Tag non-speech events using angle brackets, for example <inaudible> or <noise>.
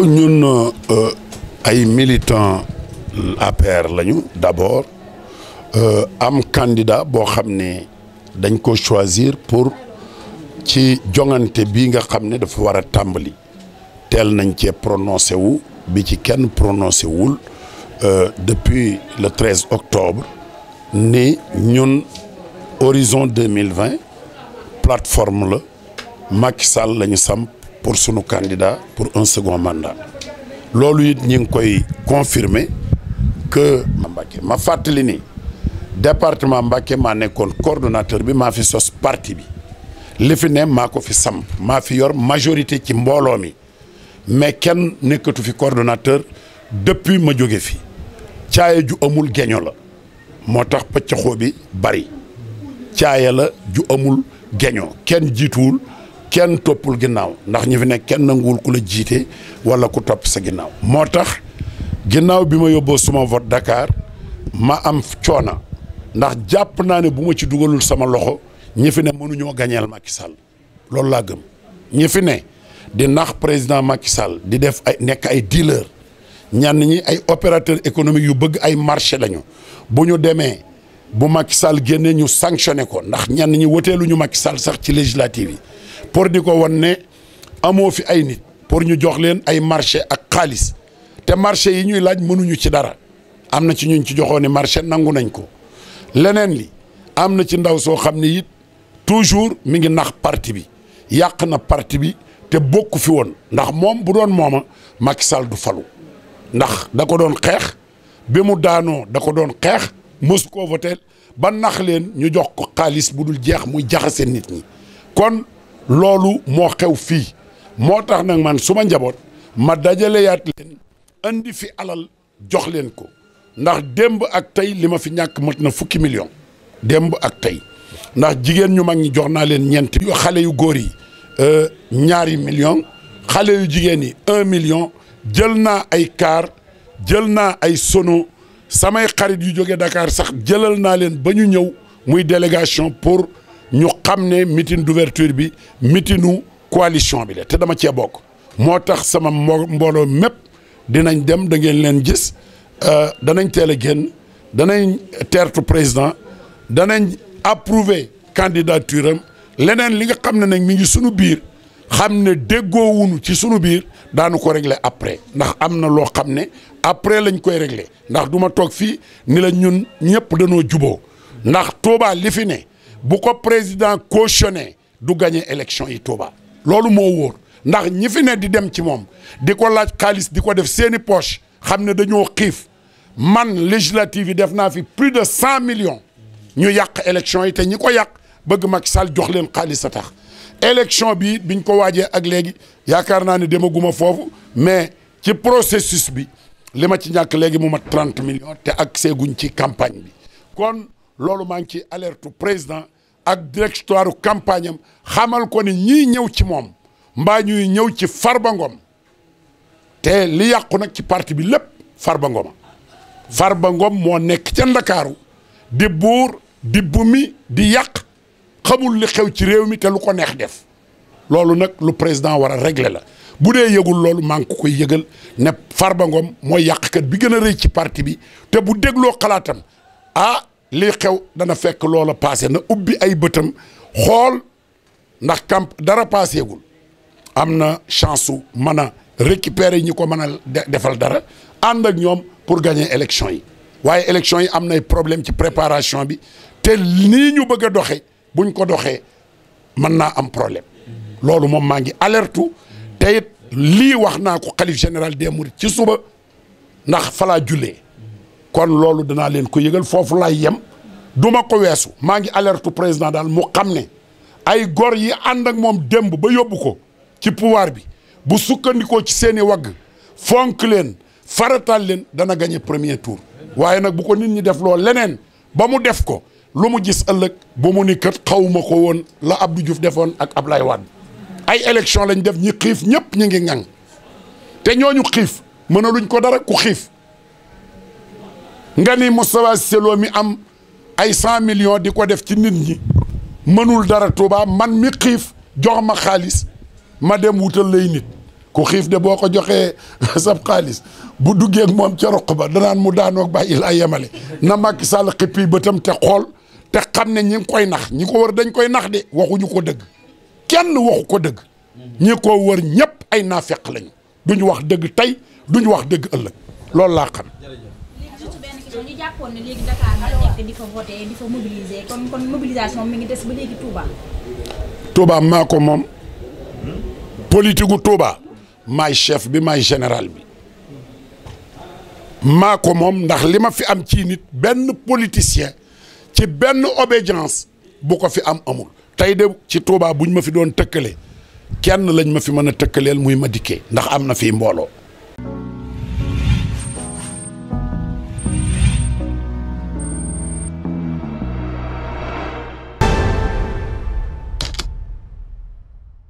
waaw ñun euh, ay militant APR lañu d'abord euh, am candidat bo xamné dañ ko choisir pour ci jonganté bi nga xamné dafa wara tambali tel nañ ci prononcé wu bi ci kenn prononcé wul euh, depuis le 13 octobre ni ñun horizon 2020 plateforme la Macky Sall lañu sam pour son candidat pour un second mandat loolu it ñi koy confirmer que Mbacké ma fàttali département Mbacké maa nekkoon coordonnateur bi ma fi sos parti bi li fi ne maa fi samp maa fi yor majorité ci mbooloo mi mais kenn nekkatu fi coordonnateur depuis ma jóge fi caaya ju amul geño la moo tax bi bari caaya la ju amul geño kenn jiituwul kenn toppul ginnaaw ndax ñi fi nekk kenn nanguwul ku la jiite wala ku topp sa ginnaaw moo tax ginnaaw bi ma yóbboo suma vote dakaar ma am coona ndax jàpp naa ne bu ma ci dugalul sama loxo ñi fi ne mënuñoo gañeel Macky Sall loolu laa gëm ñi fi ne di nax président Macky Sall di def ay nekk ay dealer ñenn ñi ay opérateur économique yu bëgg ay marché lañu bu ñu demee bu Macky Sall génnee ñu sanctionné ko ndax ñenn ñi woteelu ñu Macky Sall sax ci législative yi pour di ko wan ne amoo fi ay nit pour ñu jox leen ay marché ak xaalis te marché yi ñuy laaj mënuñu ci dara am na ci ñuñ ci joxoon ne marché nangu nañ ko leneen li am na ci ndaw soo xam ne it toujours mi ngi nax parti bi yàq na parti bi te bokku fi woon ndax moom bu doon mooma Macky Sall du falu ndax da ko doon xeex bi mu daanoo da ko doon xeex mos koo voté ba nax leen ñu jox ko xaalis bu dul jeex muy jaxase nit ñi kon loolu moo xew fii moo tax nag man su ma njaboot ma dajale yaat leen andi fi alal jox leen ko ndax démb ak tey li ma fi ñàkk mat na fukki million démb ak tey ndax jigéen ñu mag ñi jox naa leen ñeenti xale yu góor yi euh, ñaari million xale yu jigéen yi un million jël naa ay kaar jël naa ay sono samay xarit yu jóge Dakar sax jëlal naa leen ba ñu ñëw muy délégation pour ñu xam meeting d'ouverture bi meetingu coalition bi la te dama cee bokk moo tax sama mbooloo mépp dinañ dem da ngeen leen gis euh, danañ teel a génn danañ teertu président danañ approuver candidature am leneen li nga xam ne nag mi ngi sunu biir xam ne ci sunu biir daanu ko régler après ndax am na loo xam ne après lañ koy régler ndax du ma toog ni la ñun ñëpp danoo juboo ndax Touba li Beaucoup président cautionné du gagner élection yi Touba loolu mo wor ndax ñi fi né di dem ci mom di ko laaj xaalis di ko def seeni poche xamné ne dañoo man législative def na fi plus de 100 millions ñu yak élection yi te ñi ko yak bëgg Macky Sall jox leen xaalis tax élection bi biñ ko wajé ak légui yaakaar naa ne demaguma foofu mais ci processus bi li ma ci ñak légui mu mat 30 millions té ak seeguñ ci campagne bi kon loolu maa ngi ci alerte président ak directoire campagne am xamal ko ni ñii ñëw ci moom mbaa ñuy ñëw ci Farba Ngom te li yàqu nag ci parti bi lépp Farba Ngom Farba Ngom moo nekk ca Ndakaaru di buur di bumi di yàq xamul li xew ci réew mi te lu ko neex def loolu nag lu président war a la bu dee yëgul loolu maa ngi ko koy yëgal ne Farba Ngom mooy yàqkat bi gën a rëy ci parti bi te bu dégloo xalaatam ah li xew dana fekk loola paase na ubbi ay bëtam xool ndax camp dara paaseegul am na chance mën a récupérer ñi ko mën a defal dara ànd ak ñoom pour gagner élection yi waaye élection yi am nay problème ci préparation bi te nii ñu bëgg a doxe buñ ko doxee mën naa am problème loolu moom maa ngi alertu te it lii wax naa ko xalif général des mourides ci suba ndax falaa jullee kon loolu danaa leen ko yégal foofu laay yem du ma ko weesu maa ngi alerte président daal mu xam ne ay gor yi ànd ak moom démb ba yóbbu ko ci pouvoir bi bu sukkandikoo ci seeni wagg fonk leen faratal leen dana gagné premier tour waaye nag bu ko nit ñi def lool leneen ba mu def ko lu mu gis ëllëg bu mu ni kat xawma ko woon la ab Abdou Diouf defoon ak Ablaye Wade ay élection lañu def ñi xiif ñëpp ñi ngi ŋaŋ te ñooñu xiif mënaluñ ko dara ku xiif nga ni Moustapha Cissé Lo mi am ay cent millions di ko def ci nit ñi mënul dara Touba man mi xiif jox ma xaalis ma dem wutal lay nit ku xiif de boo ko joxee <laughs> sab xaalis bu duggee ak moom ca roq ba danaan mu daanoog bàyyi laa yemale na Macky Sall xippi bëtam te xool te xam ne ñi koy nax ñi ko wër dañ koy nax de waxuñu ko dëgg kenn waxu ko dëgg ñi ko wër ñëpp ay naa naafeq lañu ñu wax dëgg tey duñu wax dëgg ëllëg loolu laa xam jàppoon ne léegi Dakar na nekk te di fa voté di fa mobiliser kon kon mobilisation mi ngi des ba léegi Touba. Touba maa ko moom politique Touba maay chef bi maay général bi maa ko moom ndax li ma fi am ci nit benn politicien ci benn obédience bu ko fi am amul tey de ci Touba buñ ma fi doon tëkkale kenn lañ ma fi mën a tëkkaleel muy ma dikkee ndax am na fii mbooloo.